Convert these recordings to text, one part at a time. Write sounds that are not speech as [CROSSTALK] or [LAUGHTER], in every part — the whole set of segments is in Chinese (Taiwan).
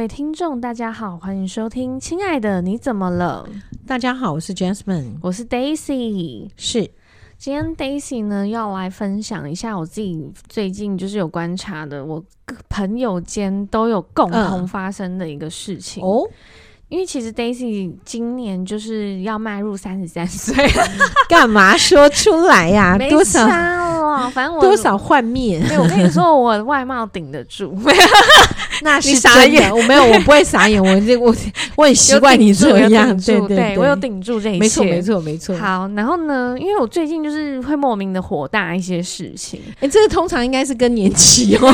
各位聽眾，大家好，歡迎收聽。親愛的，你怎麼了？大家好，我是 Jasmine，我是 Daisy，是今天 Daisy 呢要來分享一下我自己最近就是有觀察的，我朋友間都有共同發生的一個事情、嗯、哦。因為其實 Daisy 今年就是要邁入三十三歲，幹嘛說出來呀？多少反正多少換面。沒有，我跟你說，我外貌頂得住。那是真的，你傻眼，我沒有，我不會傻眼。我這我我很習慣你這樣，對對，我有頂住這一切，沒錯沒錯沒錯。好，然後呢？因為我最近就是會莫名的火大一些事情。哎，這個通常應該是更年期哦。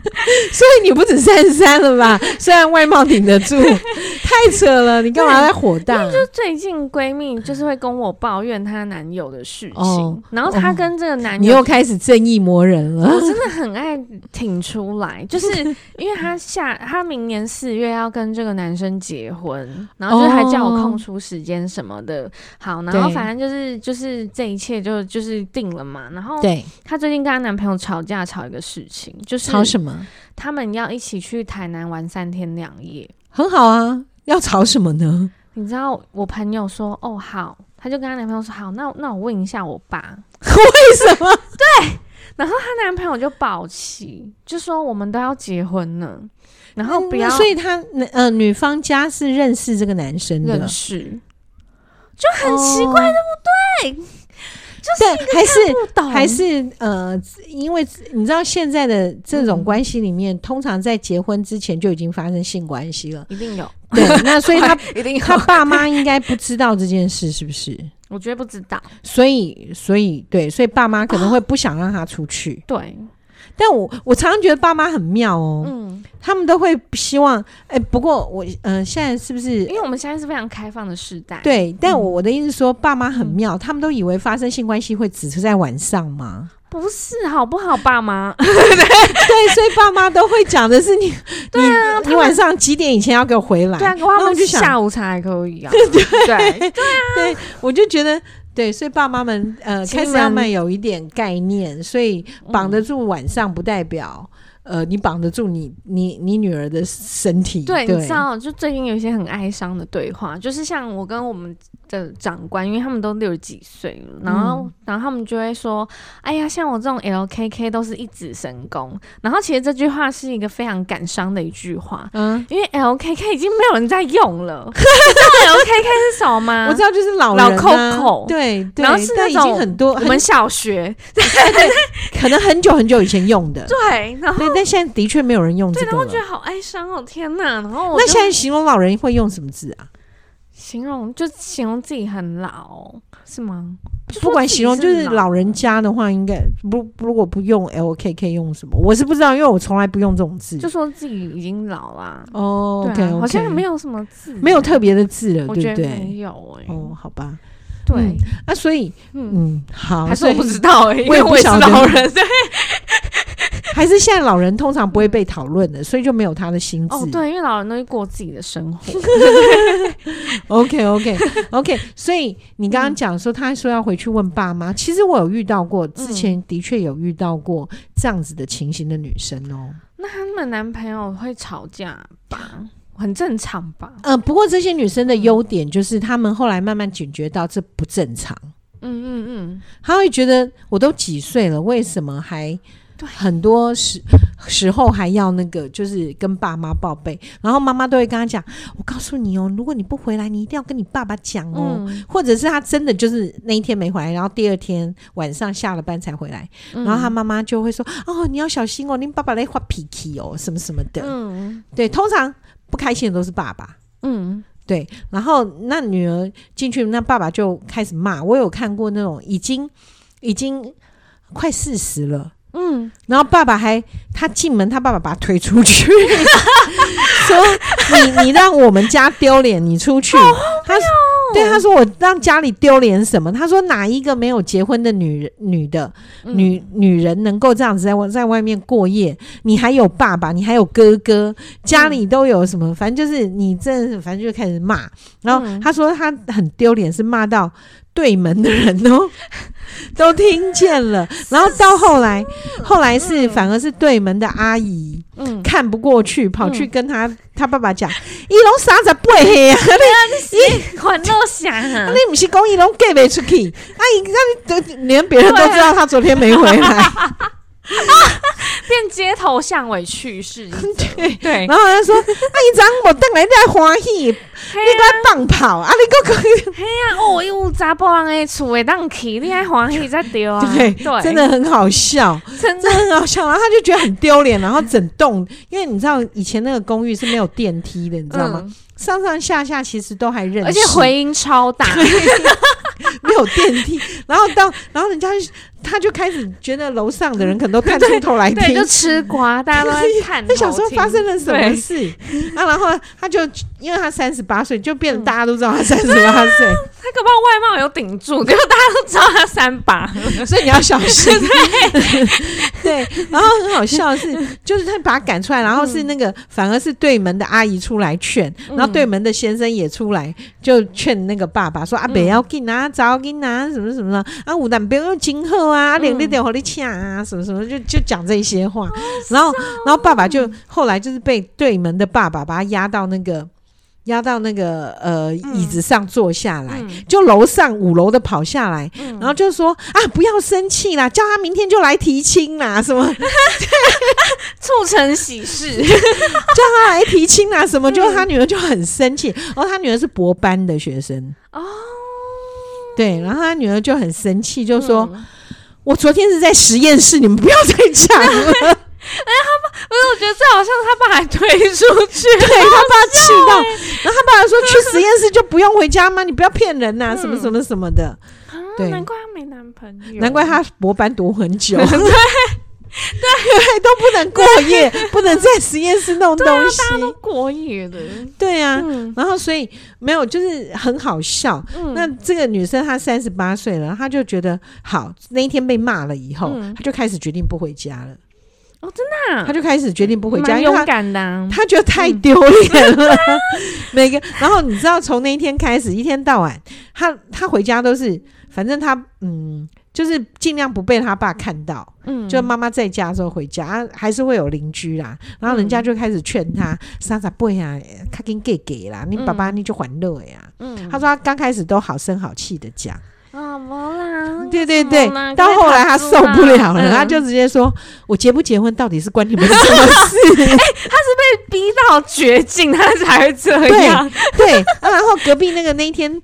[LAUGHS] 所以你不止三十三了吧？雖然外貌頂得住，太扯了！你幹嘛在火大？就最近閨蜜就是會跟我抱怨她男友的事情，哦、然後她跟這個男友、哦、你又開始正義魔人了。我真的很愛挺出來，就是因為她下她明年四月要跟這個男生結婚，然後就還叫我空出時間什麼的。好，然後反正就是就是這一切就就是定了嘛。然後對，她最近跟她男朋友吵架，吵一個事情，就是吵什麼？他們要一起去台南玩三天兩夜，很好啊。要吵什麼呢？你知道我朋友說哦好，他就跟他男朋友說好，那那我問一下我爸 [LAUGHS] 為什麼？ [LAUGHS] 對，然後他男朋友就爆氣，就說我們都要結婚了，然後不要。所以他呃女方家是認識這個男生的認識，就很奇怪，對不對？哦就是對，還是還是呃，因為你知道現在的這種關係裡面，嗯、通常在結婚之前就已經發生性關係了，一定有。對，那所以他 [LAUGHS] 他爸媽應該不知道這件事，是不是？我覺得不知道。所以，所以對，所以爸媽可能會不想讓他出去，哦。對。但我我常常覺得爸媽很妙哦，嗯，他們都會希望，哎，不過我嗯，現在是不是？因為我們現在是非常開放的時代，對。但我我的意思是說，爸媽很妙，他們都以為發生性關係會只是在晚上嗎？不是，好不好，爸媽？對，所以爸媽都會講的是你，對啊，你晚上幾點以前要給我回來？對啊，然後我就想下午茶還可以啊，對對對，對啊，對，我就覺得。對，所以爸媽們，呃，們開始慢慢有一點概念，所以綁得住晚上，不代表，嗯呃，你綁得住你你你女兒的身體？對，你知道就最近有一些很哀傷的對話，就是像我跟我們的長官，因為他們都六十幾歲了，然後然後他們就會說：“哎呀，像我這種 LKK 都是一指神功。”然後其實這句話是一個非常感傷的一句話，嗯，因為 LKK 已經沒有人在用了，你知道 LKK 是什麼嗎？我知道，就是老老扣扣，對，然後是那種很多我們小學，對對對，可能很久很久以前用的，對，然後。但現在的確沒有人用這個了，我覺得好哀傷哦！天哪，然後那現在形容老人會用什麼字啊？形容就形容自己很老，是嗎？不管形容，就是老人家的話應，應該不如果不，不，不用 L K K，用什麼？我是不知道，因為我從來不用這種字，就說自己已經老了哦。對，oh, okay , okay. 好像沒有什麼字，沒有特別的字了，對不對？沒有哎、欸，哦，oh, 好吧，對，那、嗯啊、所以嗯，嗯，好，還是我不知道哎、欸，以我也不想老人。還是現在老人通常不會被討論的，所以就沒有他的心情哦，對，因為老人都會過自己的生活。OK，OK，OK。所以你剛剛講說，他說要回去問爸媽。其實我有遇到過，之前的確有遇到過這樣子的情形的女生哦。嗯、那他們男朋友會吵架吧？很正常吧？嗯、呃，不過這些女生的優點就是，他們後來慢慢警覺到這不正常。嗯嗯嗯，嗯嗯他會覺得我都幾歲了，為什麼還？對，很多時時候還要那個，就是跟爸媽報備，然後媽媽都會跟他講：“我告訴你哦，如果你不回來，你一定要跟你爸爸講哦。”嗯，或者是他真的就是那一天沒回來，然後第二天晚上下了班才回來，然後他媽媽就會說：嗯，“哦，你要小心哦，你爸爸在發脾氣哦，什麼什麼的。”嗯，對，通常不開心的都是爸爸。嗯，對。然後那女兒進去，那爸爸就開始罵。我有看過那種已經已經快四十了。嗯，然後爸爸還他進門，他爸爸把他推出去， [LAUGHS] 說：“你你讓我們家丟臉，你出去。 [LAUGHS] 他”他對他說：“我讓家裡丟臉什麼？”他說：“哪一個沒有結婚的女人、女的、女、嗯、女人能夠這樣子在外在外面過夜？你還有爸爸，你還有哥哥，家裡都有什麼？嗯、反正就是你這，反正就開始罵。然後他說他很丟臉，是罵到。”對門的人哦都，都聽見了，然後到後來，後來是、嗯、反而是對門的阿姨，嗯，看不過去，跑去跟他他爸爸講：“一龍三十八歲啊，你一我都想啊，你不是講一龍嫁不出去了？阿姨那你都連別人都知道他昨天沒回來。啊” [LAUGHS] 啊！變街頭巷尾去事，對對。然後他說：“阿你怎我登來在歡喜？你個放跑，阿你我公寓黑呀！哦，又砸破人誒，出誒盪起，你還歡喜在丟啊？對真的很好笑，真的很好笑。然後他就覺得很丟臉，然後整棟，因為你知道以前那個公寓是沒有電梯的，你知道嗎？上上下下其實都還認識，而且回音超大，沒有電梯。”然後到，然後人家就他就開始覺得樓上的人可能都探出頭來聽、嗯，就吃瓜，大家都在看。那是小時候發生了什麼事那對、啊、然後他就因為他三十八歲，就變得大家都知道他三十八歲。他、嗯啊、可不外貌有頂住，因為大家都知道他三八，所以你要小心。對, [LAUGHS] 對，然後很好笑的是，就是他把他趕出來，然後是那個、嗯、反而是對門的阿姨出來勸，然後對門的先生也出來就勸那個爸爸說：“阿北要給你拿，找給你拿，什麼什麼的。”啊，我但不要用金鶴啊，兩滴點和力搶啊，什麼什麼，就就講這些話。然後，然後爸爸就後來就是被對門的爸爸把他壓到那個壓到那個呃椅子上坐下來，就樓上五樓的跑下來，然後就說啊，不要生氣啦，叫他明天就來提親啦，什麼，促成喜事，叫他來提親啦，什麼，就他女兒就很生氣。然後他女兒是博班的學生哦。對，然後他女兒就很生氣，就說：“嗯、我昨天是在實驗室，你們不要再講了。”哎、 [LAUGHS] [LAUGHS] 欸，他爸，我覺得這好像是他爸還推出去， [LAUGHS] 對他爸氣到，欸、然後他爸說：“ [LAUGHS] 去實驗室就不用回家嗎？你不要騙人吶、啊，什麼、嗯、什麼什麼的。對”對、啊，難怪他沒男朋友，難怪他博班讀很久。 [LAUGHS] [LAUGHS] [LAUGHS] 對，都不能過夜， [LAUGHS] 不能在實驗室弄東西。大家都過夜的。對啊，對啊嗯、然後所以沒有，就是很好笑。嗯、那這個女生她三十八歲了，她就覺得好，那一天被罵了以後，嗯、她就開始決定不回家了。哦，真的、啊、她就開始決定不回家，勇敢的、啊因為她，她覺得太丟臉了。嗯、 [LAUGHS] 每個，然後你知道，從那一天開始，一天到晚，她她回家都是，反正她嗯。就是盡量不被他爸看到，嗯，就媽媽在家的時候回家，還是會有鄰居啦。然後人家就開始勸他：“莎莎，不呀？他給給給啦，你爸爸你就還樂呀。”嗯，他說他剛開始都好聲好氣的講，啊不啦，對對對，到後來他受不了了，他就直接說：“我結不結婚到底是關你們什麼事？”哎，他是被逼到絕境，他才會這樣。對，啊，然後隔壁那個那一天。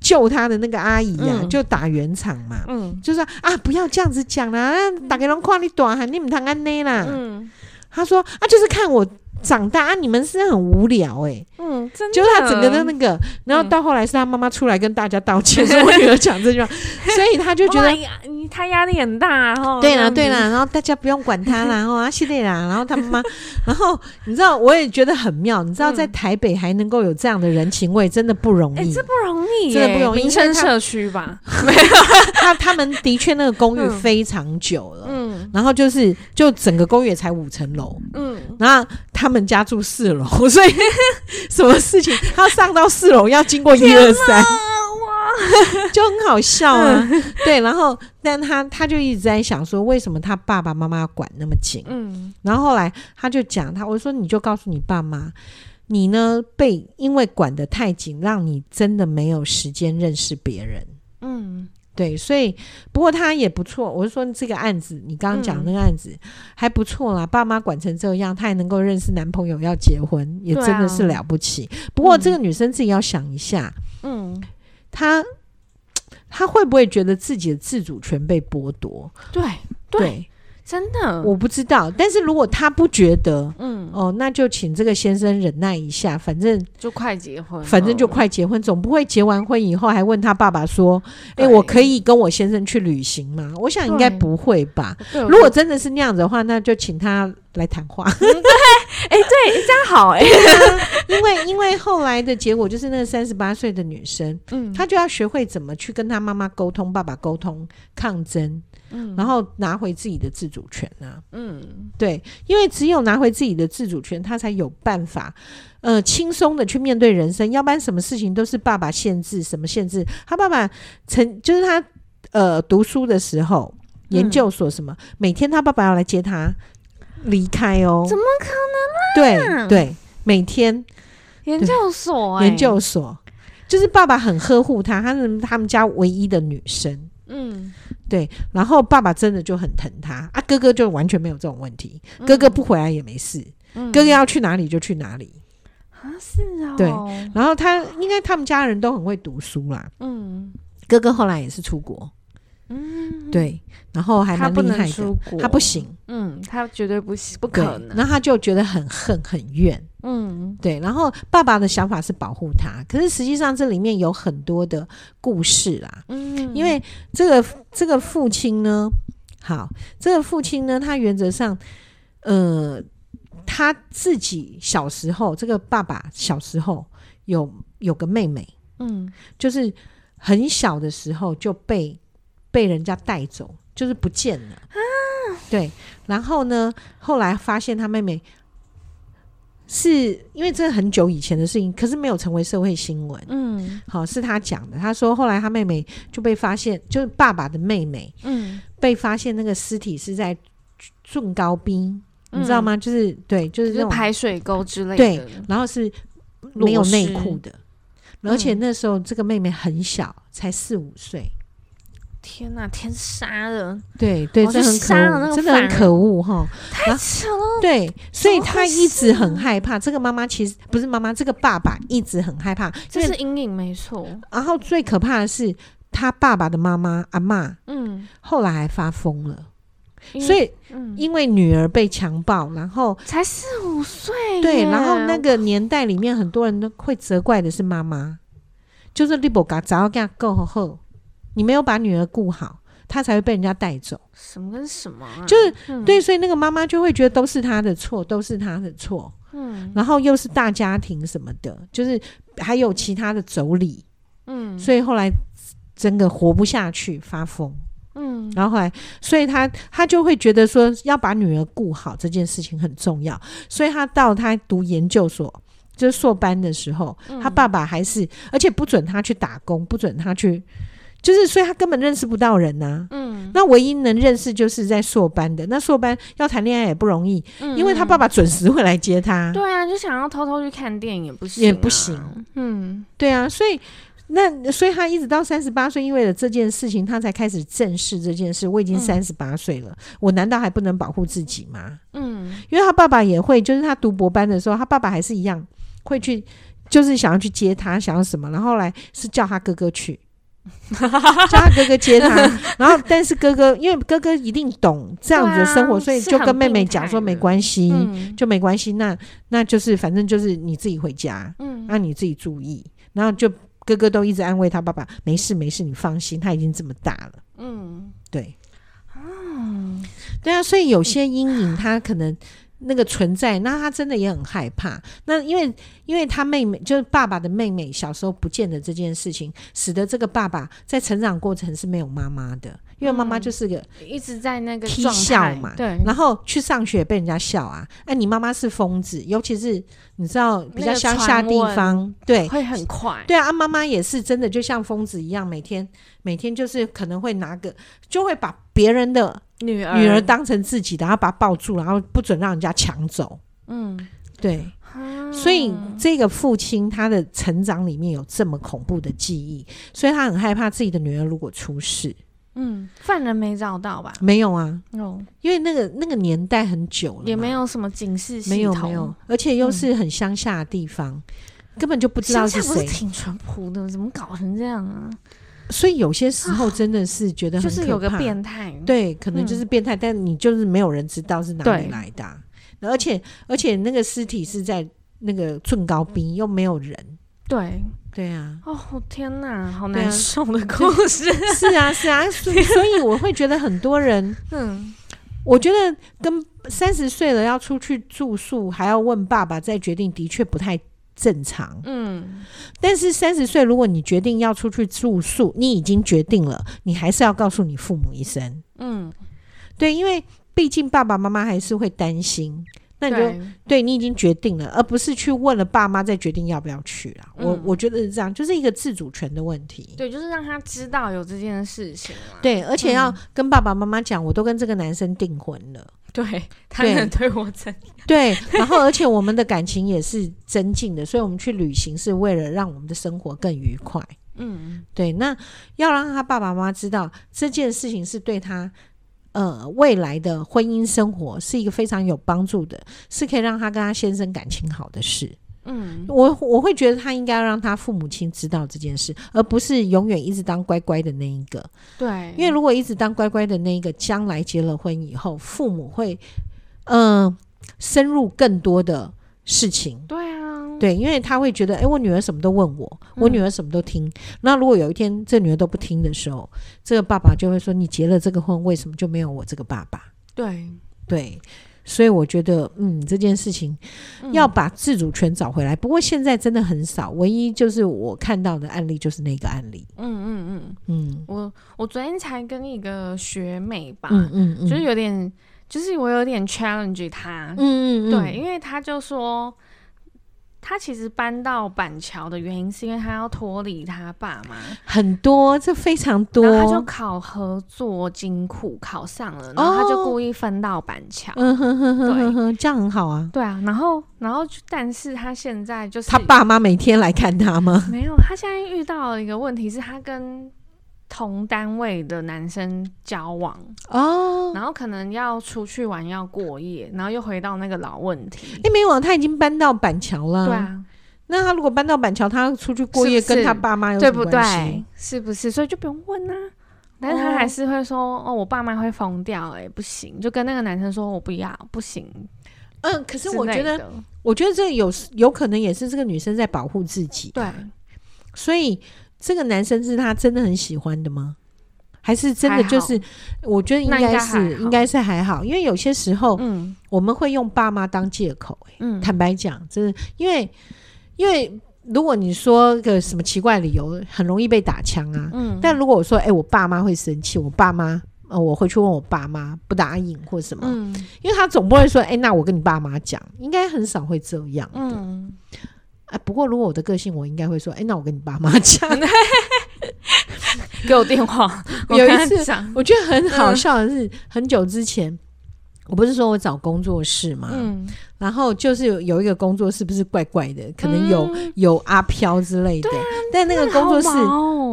救他的那個阿姨啊，嗯、就打圓場嘛，嗯、就說啊，不要這樣子講啦，打開人誇你短，喊你們談安內啦。嗯、他說啊，就是看我長大，你們是很無聊哎，嗯，真的，就是他整個的那個，然後到後來是他媽媽出來跟大家道歉，是我女兒講這句話，所以他就覺得他壓力很大哈。對啦對啦，然後大家不用管他啦。然後啊，謝謝啦，然後他媽媽，然後你知道，我也覺得很妙，你知道在台北還能夠有這樣的人情味，真的不容易，哎，這不容易，真的不容易，民生社區吧？沒有，他他們的確那個公寓非常久了，嗯，然後就是就整個公寓才五層樓，嗯，然後他。他們家住四樓，所以什麼事情他上到四樓要經過一二三，哇， [LAUGHS] 就很好笑啊。嗯、對，然後但他他就一直在想說，為什麼他爸爸媽媽管那麼緊？嗯，然後後來他就講他我說你就告訴你爸媽，你呢被因為管得太緊，讓你真的沒有時間認識別人。嗯。對，所以不過她也不錯。我是說，這個案子，你剛剛講那個案子，嗯，還不錯啦。爸媽管成這樣，她還能夠認識男朋友要結婚，也真的是了不起。啊、不過這個女生自己要想一下，嗯，她她會不會覺得自己的自主權被剝奪？對對。對對真的我不知道，但是如果他不覺得，嗯，哦，那就請這個先生忍耐一下，反正就快結婚，反正就快結婚，總不會結完婚以後還問他爸爸說，誒對，我可以跟我先生去旅行嗎？我想應該不會吧。對如果真的是那樣子的話，那就請他。來談話、嗯，對，哎、欸，對，這樣好哎、欸， [LAUGHS] 因為因為後來的結果就是那個三十八歲的女生，嗯，她就要學會怎麼去跟她媽媽溝通、爸爸溝通、抗爭，嗯，然後拿回自己的自主權啊，嗯，對，因為只有拿回自己的自主權，她才有辦法，呃，輕鬆的去面對人生，要不然什麼事情都是爸爸限制，什麼限制。她爸爸曾就是她呃讀書的時候，研究所什麼，嗯、每天她爸爸要來接她。離開哦、喔？怎麼可能呢、啊？對對，每天研究、欸、研究所，啊，研究所就是爸爸很呵護他，他是他們家唯一的女生，嗯，對。然後爸爸真的就很疼他啊，哥哥就完全沒有這種問題，嗯、哥哥不回來也沒事，嗯、哥哥要去哪裡就去哪裡啊，是哦、喔，對。然後他應該他們家人都很會讀書啦，嗯，哥哥後來也是出國。嗯，對，然後還蠻厲害的，他不，他不行，嗯，他絕對不行，不可能。然後他就覺得很恨、很怨，嗯，對。然後爸爸的想法是保護他，可是實際上這裡面有很多的故事啦，嗯，因為這個這個父親呢，好，這個父親呢，他原則上，呃，他自己小時候，這個爸爸小時候有有個妹妹，嗯，就是很小的時候就被。被人家帶走，就是不見了。啊，對，然後呢？後來發現他妹妹是因為這很久以前的事情，可是沒有成為社會新聞。嗯，好，哦，是他講的。他說後來他妹妹就被發現，就是爸爸的妹妹，嗯，被發現那個屍體是在順高冰，嗯，你知道嗎？就是對，就是那種是排水溝之類的。對，然後是沒有內褲的，屎而且那時候這個妹妹很小，才四五歲。天吶，天殺的！對對，這很可真的很可惡哈，太扯了。對，所以他一直很害怕。這個媽媽其實不是媽媽，這個爸爸一直很害怕，這是陰影，沒錯。然後最可怕的是，他爸爸的媽媽阿嬤，嗯，後來還發瘋了。所以，因為女兒被強暴，然後才四五歲。對，然後那個年代裡面，很多人都會責怪的是媽媽，就是你不敢 o g 過後。你沒有把女兒顧好，她才會被人家帶走。什麼跟什麼？啊？就是、嗯、對，所以那個媽媽就會覺得都是她的錯，都是她的錯。嗯，然後又是大家庭什麼的，就是還有其他的妯娌。嗯，所以後來真的活不下去，發瘋。嗯，然後後來，所以他他就會覺得說要把女兒顧好這件事情很重要，所以他到他讀研究所就是碩班的時候，他爸爸還是、嗯、而且不准他去打工，不准他去。就是，所以他根本認識不到人吶、啊。嗯，那唯一能認識就是在碩班的。那碩班要談戀愛也不容易，嗯、因為他爸爸準時會來接他。對啊，就想要偷偷去看電影也、啊，也不行。也不行。嗯，對啊。所以那，所以他一直到三十八歲，因為了這件事情，他才開始正視這件事。我已經三十八歲了，嗯、我難道還不能保護自己嗎？嗯，因為他爸爸也會，就是他讀博班的時候，他爸爸還是一樣會去，就是想要去接他，想要什麼，然後來是叫他哥哥去。 [LAUGHS] 叫他哥哥接他， [LAUGHS] 然後但是哥哥因為哥哥一定懂這樣子的生活，啊、所以就跟妹妹講說沒關係，嗯、就沒關係。那那就是反正就是你自己回家，嗯，那、啊、你自己注意。然後就哥哥都一直安慰他爸爸，沒事沒事，你放心，他已經這麼大了，嗯，對，啊、嗯，對啊，所以有些陰影他可能。那個存在，那他真的也很害怕。那因為，因為他妹妹就是爸爸的妹妹，小時候不見的這件事情，使得這個爸爸在成長過程是沒有媽媽的。因為媽媽就是個、嗯、一直在那個狀態嘛，對，然後去上學被人家笑啊，哎、欸，你媽媽是瘋子，尤其是你知道比較鄉下地方，對，會很快，對啊，媽媽也是真的，就像瘋子一樣，每天每天就是可能會拿個，就會把別人的女兒女兒當成自己的，然後把她抱住，然後不准讓人家搶走，嗯，對，嗯、所以這個父親他的成長裡面有這麼恐怖的記憶，所以他很害怕自己的女兒如果出事。嗯，犯人沒找到吧？沒有啊，因為那個那個年代很久了，也沒有什麼警示系統，沒有沒有，而且又是很鄉下的地方，嗯、根本就不知道是誰。不是挺淳樸的，怎麼搞成這樣啊？所以有些時候真的是覺得很可怕，啊，就是有個變態，對，可能就是變態，嗯，但你就是沒有人知道是哪裡來的，啊，對而且而且那個屍體是在那個寸高冰，又沒有人，對。對啊，哦，天哪，好難受的故事。是啊，是啊， [LAUGHS] 所以我會覺得很多人，嗯，我覺得跟三十歲了要出去住宿還要問爸爸再決定，的確不太正常。嗯，但是三十歲如果你決定要出去住宿，你已經決定了，你還是要告訴你父母一聲。嗯，對，因為畢竟爸爸媽媽還是會擔心。那你就對，對你已經決定了，而不是去問了爸媽再決定要不要去了。嗯、我我覺得是這樣，就是一個自主權的問題。對，就是讓他知道有這件事情、啊。對，而且要跟爸爸媽媽講，我都跟這個男生訂婚了。嗯、對，他能對我真對。對，然後而且我們的感情也是增進的， [LAUGHS] 所以我們去旅行是為了讓我們的生活更愉快。嗯嗯，對，那要讓他爸爸媽媽知道這件事情是對他呃，未來的婚姻生活是一個非常有幫助的，是可以讓他跟他先生感情好的事。嗯，我我會覺得他應該讓他父母親知道這件事，而不是永遠一直當乖乖的那一個。對，因為如果一直當乖乖的那一個，將來結了婚以後，父母會呃深入更多的。事情對啊，對，因為他會覺得，哎、欸，我女兒什麼都問我，我女兒什麼都聽。嗯、那如果有一天這女兒都不聽的時候，這個爸爸就會說，你結了這個婚，為什麼就沒有我這個爸爸？對對，所以我覺得，嗯，這件事情要把自主權找回來。嗯、不過現在真的很少，唯一就是我看到的案例就是那個案例。嗯嗯嗯嗯，嗯嗯我我昨天才跟一個學妹吧，嗯嗯，嗯嗯就是有點。就是我有點 challenge 他，嗯嗯對，因為他就說他其實搬到板橋的原因是因為他要脫離他爸媽很多，這非常多。然後他就考合作金庫考上了，哦，然後他就故意分到板橋，對，這樣很好啊。對啊，然後然後，但是他現在就是他爸媽每天來看他嗎？沒有，他現在遇到一個問題是他跟。同單位的男生交往哦，然後可能要出去玩，要過夜，然後又回到那個老問題。哎，沒有啊，他已經搬到板橋了，對啊。那他如果搬到板橋，他要出去過夜，是是跟他爸媽有什麼關係對不對？是不是？所以就不用問吶、啊。但是她還是會說：“哦，哦，我爸媽會瘋掉、欸，哎，不行。”就跟那個男生說：“我不要，不行。”嗯，可是我覺得，我覺得這有有可能也是這個女生在保護自己。對，所以。這個男生是他真的很喜歡的嗎？還是真的就是？還好，我覺得應該是，應該，應該是還好。因為有些時候，嗯，我們會用爸媽當借口、欸。嗯，坦白講，就是因為因為如果你說個什麼奇怪的理由，很容易被打槍啊。嗯，但如果我說，哎、欸，我爸媽會生氣，我爸媽，呃，我回去問我爸媽不答應或什麼，嗯，因為他總不會說，哎、欸，那我跟你爸媽講，應該很少會這樣的。嗯。哎、欸，不過如果我的個性，我應該會說，哎、欸，那我跟你爸媽講， [LAUGHS] [LAUGHS] 給我電話。有一次，我覺得很好笑的是，對很久之前，我不是說我找工作室嘛，嗯，然後就是有一個工作室，不是怪怪的，可能有、嗯、有阿飄之類的，對但那個工作室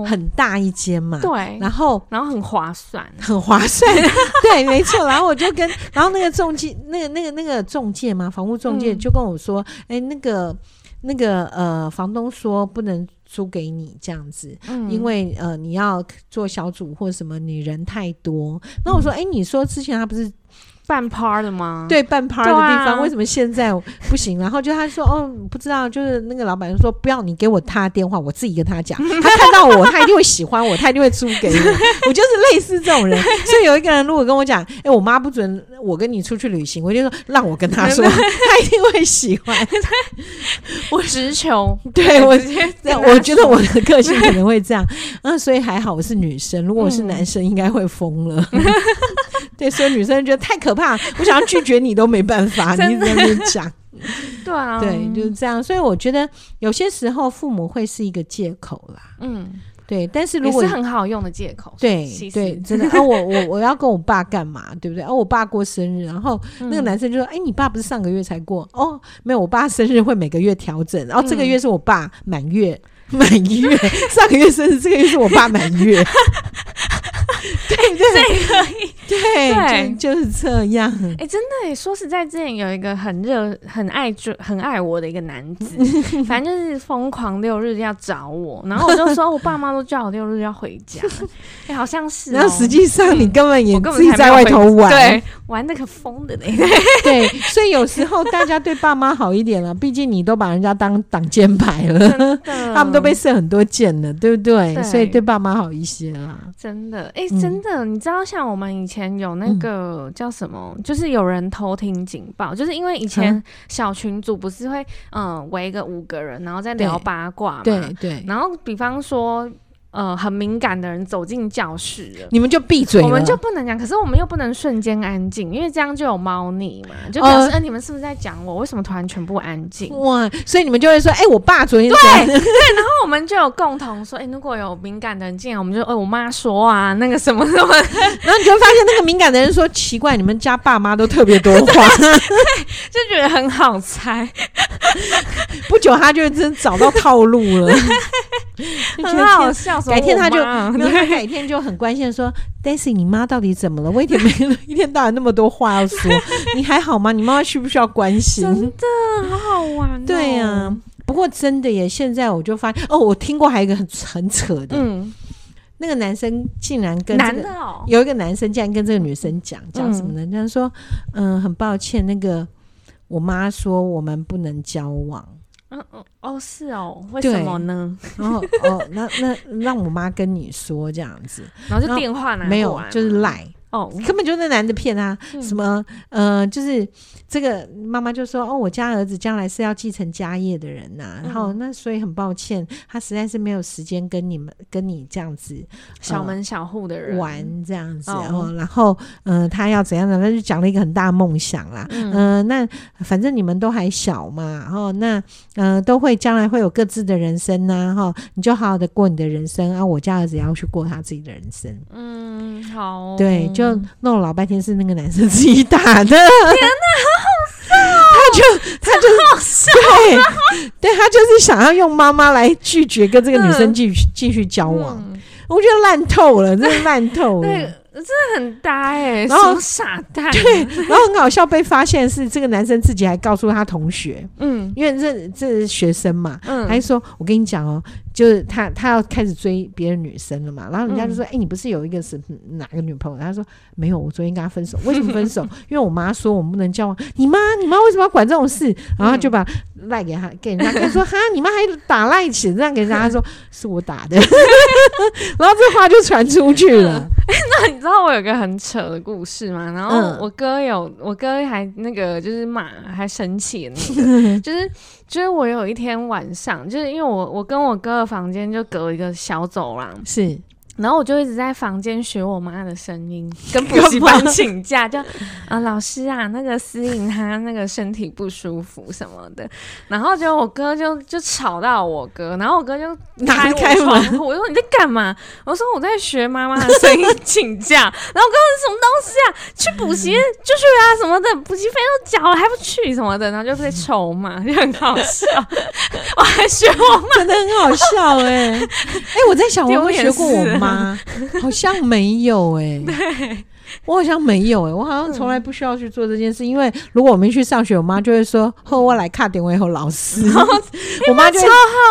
很大一間嘛，對，然後然後很划算，很划算，對， [LAUGHS] 對，沒錯，然後我就跟然後那個仲介，那個那個那個仲介嘛，房屋仲介就跟我說，哎、嗯欸，那個。那個呃，房東說不能租給你這樣子，嗯、因為呃，你要做小組或什麼，你人太多。那我說，哎、嗯欸，你說之前他不是？半趴的嗎？對，半趴的地方，為什麼現在不行？然後就他說，哦，不知道，就是那個老闆就說，不要你給我他電話，我自己跟他講。他看到我，他一定會喜歡我，他一定會租給我。我就是類似這種人，所以有一個人如果跟我講，哎，我媽不准我跟你出去旅行，我就說，讓我跟他說，他一定會喜歡。我直窮，對我覺得，我覺得我的個性可能會這樣。那所以還好我是女生，如果我是男生應該會瘋了。對，所以女生覺得太可怕，我想要拒絕你都沒辦法。你一直在那邊講，對啊，對，就是這樣。所以我覺得有些時候父母會是一個借口啦，嗯，對。但是如果是很好用的借口，對對，真的。哦，我我我要跟我爸幹嘛，對不對？哦，我爸過生日，然後那個男生就說：“哎，你爸不是上個月才過？哦，沒有，我爸生日會每個月調整。然後這個月是我爸滿月，滿月，上個月生日，這個月是我爸滿月。”對對對，對，就是這樣。哎，真的，哎，說實在，這裡有一個很熱、很愛、很愛我的一個男子，反正就是瘋狂六日要找我，然後我就說我爸媽都叫我六日要回家，好像是。那實際上你根本也自己在外頭玩，對，玩得可瘋的呢。對，所以有時候大家對爸媽好一點啦，畢竟你都把人家當擋箭牌了，他們都被射很多箭了，對不對？所以對爸媽好一些啦，真的。哎。真的，你知道像我們以前有那個叫什麼，嗯、就是有人偷聽警報，就是因為以前小群組不是會嗯圍、嗯、個五個人，然後在聊八卦嘛，對對，對對，然後比方說。呃，很敏感的人走進教室了，你們就閉嘴了，我們就不能講。可是我們又不能瞬間安靜，因為這樣就有貓膩嘛，就表示，是、呃呃，你們是不是在講我？為什麼突然全部安靜？哇！所以你們就會說，哎、欸，我爸昨天這樣對對。然後我們就有共同說，哎、欸，如果有敏感的人進來，我們就哦、欸，我媽說啊，那個什麼什麼。然後你就會發現，那個敏感的人說， [LAUGHS] 奇怪，你們家爸媽都特別多話對對，就覺得很好猜。 [LAUGHS] 不久，他就會真找到套路了，就覺得很好笑。改天他就媽你他改天就很關心的說，Daisy， [LAUGHS] 你媽到底怎麼了？我一天沒了 [LAUGHS] 一天到晚那麼多話要說， [LAUGHS] 你還好嗎？你媽媽需不需要關心？ [LAUGHS] 真的好好玩，喔，對呀，啊。不過真的耶，現在我就發現哦，我聽過還有一個很很扯的，嗯，那個男生竟然跟這個道有一個男生竟然跟這個女生講講什麼呢？他，嗯，說，嗯，很抱歉，那個我媽說我們不能交往。哦，哦，是哦，為什麼呢？然後， [LAUGHS] 哦，那那讓我媽跟你說這樣子，然後就電話來後，後沒有，啊、就是賴。哦、根本就那男的騙他、啊，嗯、什麼呃，就是這個媽媽就說哦，我家兒子將來是要繼承家業的人吶、啊，然後、嗯、那所以很抱歉，他實在是沒有時間跟你們跟你這樣子、呃、小門小戶的人玩這樣子哦，然後嗯、呃，他要怎樣的，他就講了一個很大夢想啦，嗯、呃，那反正你們都還小嘛，哦，那嗯、呃，都會將來會有各自的人生吶、啊，哈，你就好好的過你的人生啊，我家兒子也要去過他自己的人生，嗯，好、哦，對，就。弄老半天是那個男生自己打的，天哪，好好笑！他就他就對，對他就是想要用媽媽來拒絕跟這個女生繼續繼續交往。我覺得爛透了，真的爛透了，真的很呆，然後傻蛋，對，然後很好笑，被發現是這個男生自己還告訴他同學，嗯，因為這這是學生嘛，嗯，還說我跟你講哦。就是他，他要開始追別的女生了嘛？然後人家就說：“哎、嗯欸，你不是有一個是哪個女朋友？”他說：“沒有，我昨天跟他分手。為什麼分手？ [LAUGHS] 因為我媽說我們不能交往。 [LAUGHS] 你媽，你媽為什麼要管這種事？”然後就把賴給他，給人家。他說：“ [LAUGHS] 哈，你媽還打賴起，這樣給人家。” [LAUGHS] 他說：“是我打的。 [LAUGHS] ”然後這話就傳出去了、嗯。那你知道我有個很扯的故事嗎？然後我哥有，嗯、我哥還那個就是罵，還生氣、那個、 [LAUGHS] 就是。就是我有一天晚上，就是因為我我跟我哥的房間就隔一個小走廊。是。然後我就一直在房間學我媽的聲音，跟補習班請假，不不就啊、呃、老師啊，那個思穎她那個身體不舒服什麼的，然後就我哥就就吵到我哥，然後我哥就開拿開房，我說你在幹嘛？我說我在學媽媽的聲音 [LAUGHS] 請假。然後我哥說什麼東西啊？去補習就去啊什麼的，補習費都交了還不去什麼的，然後就在愁嘛，就很好笑。 [LAUGHS] 我還學我媽，的很好笑哎、欸、哎、 [LAUGHS] 欸，我在小紅書學過我媽。啊， [LAUGHS] 好像沒有哎、欸，對我好像沒有哎、欸，我好像從來不需要去做這件事。嗯、因為如果我沒去上學，我媽就會說：“好，我來看點位和老師。 [LAUGHS] [LAUGHS] 我”我媽就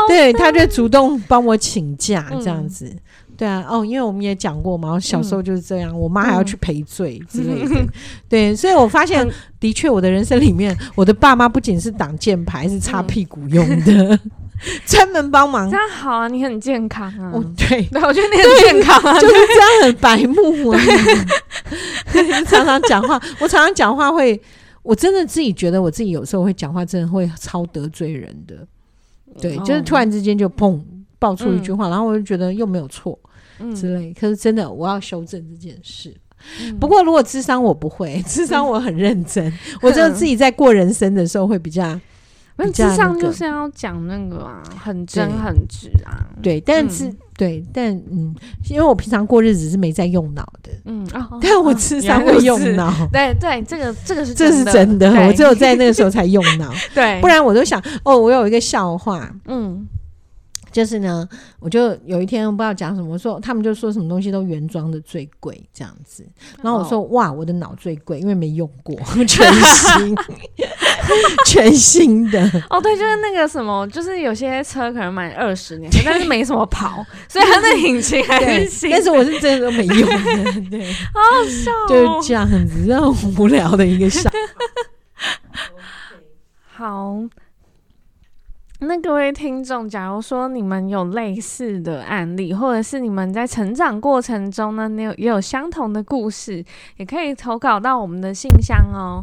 對，她就主動幫我請假、嗯、這樣子。對啊，哦，因為我們也講過嘛，我小時候就是這樣，我媽還要去賠罪之類的。對，所以我發現，的確，我的人生裡面，我的爸媽不僅是擋箭牌，是擦屁股用的，專門幫忙。這樣好啊，你很健康啊。哦，對，那我覺得你很健康啊，就是這樣很白目啊。常常講話，我常常講話會，我真的自己覺得我自己有時候會講話，真的會超得罪人的。對，就是突然之間就砰。爆出一句話，然後我就覺得又沒有錯，嗯，之類。可是真的，我要修正這件事。不過，如果諮商我不會，諮商我很認真，我就自己在過人生的時候會比較。諮商就是要講那個很真很直啊，對，但是對但嗯，因為我平常過日子是沒在用腦的，嗯，但我諮商會用腦。對對，這個這個是這是真的，我只有在那個時候才用腦，對，不然我都想哦，我有一個笑話，嗯。就是呢，我就有一天不知道講什麼，我說他們就說什麼東西都原裝的最貴這樣子，然後我說、哦、哇，我的腦最貴，因為沒用過，全新， [LAUGHS] 全新的哦，對，就是那個什麼，就是有些車可能買二十年，但是沒什麼跑，對所以它那引擎還很新，但是我是真的沒用的，對 [LAUGHS] 好，好笑，就這樣子，這樣無聊的一個笑， [LAUGHS] 好。那各位聽眾，假如說你們有類似的案例，或者是你們在成長過程中呢，你有也有相同的故事，也可以投稿到我們的信箱哦。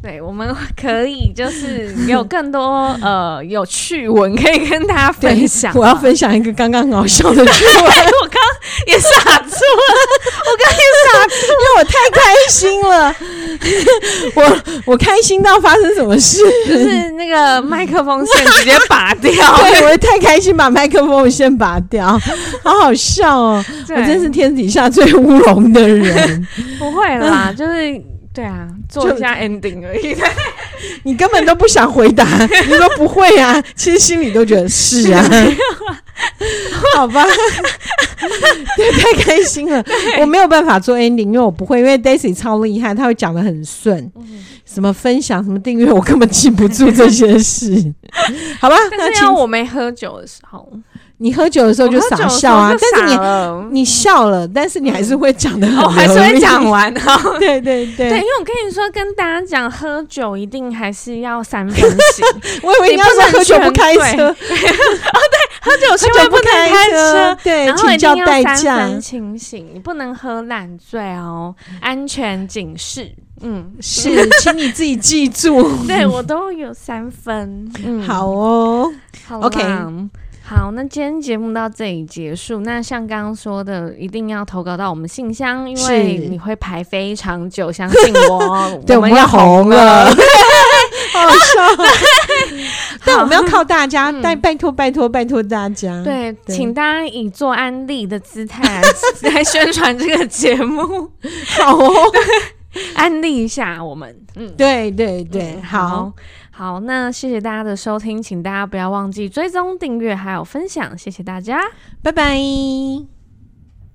對，我們可以就是有更多 [LAUGHS] 呃有趣聞可以跟大家分享啊。我要分享一個剛剛搞笑的趣聞。 [LAUGHS] [LAUGHS] 也傻住了， [LAUGHS] 我剛也傻，因為我太開心了 [LAUGHS] [LAUGHS] 我，我我開心到發生什麼事，就是那個麥克風線直接拔掉 [LAUGHS] 對，我也太開心把麥克風線拔掉，好好笑哦、喔，對 我真是天底下最烏龍的人， [LAUGHS] 不會啦，嗯、就是。對啊，做一下 ending 而已，就 [LAUGHS] 你根本都不想回答。 [LAUGHS] 你都不會啊，其實心裡都覺得是啊， [LAUGHS] 好吧， [LAUGHS] 太開心了。對我沒有辦法做 ending，因為我不會，因為 Daisy 超厲害，她會講得很順。嗯、什麼分享，什麼訂閱，我根本記不住這些事。 [LAUGHS] 好吧，那是我沒喝酒的時候。你喝酒的時候就傻笑啊，但是你你笑了，但是你還是會講的，我還是會講完哈，對對對，因為我跟你說，跟大家講，喝酒一定還是要三分醒。我以為你要說喝酒不開車哦，對，喝酒喝酒不開車，對，然後一定要三分清醒，你不能喝爛醉哦，安全警示，嗯，是，請你自己記住。對我都有三分，嗯，好哦，OK。好，那今天節目到這裡結束。那像剛剛說的，一定要投稿到我們信箱，因為你會排非常久，相信我。對，我們要紅了，好笑。對，但我們要靠大家，拜拜託，拜託，拜託大家。對，請大家以做安利的姿態來宣傳這個節目，好哦，安利一下我們。嗯，對對對，好。好，那謝謝大家的收聽，請大家不要忘記追蹤、訂閱還有分享，謝謝大家，拜拜！